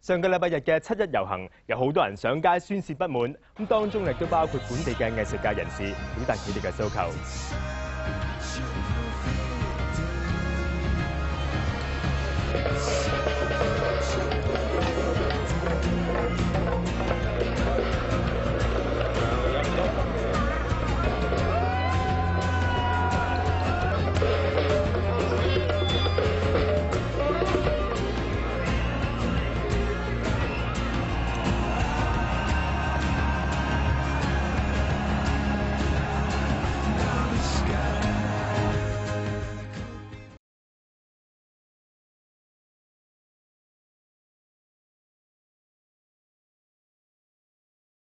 上個禮拜日嘅七一遊行，有好多人上街宣洩不滿，咁當中亦都包括本地嘅藝術界人士，表達佢哋嘅訴求。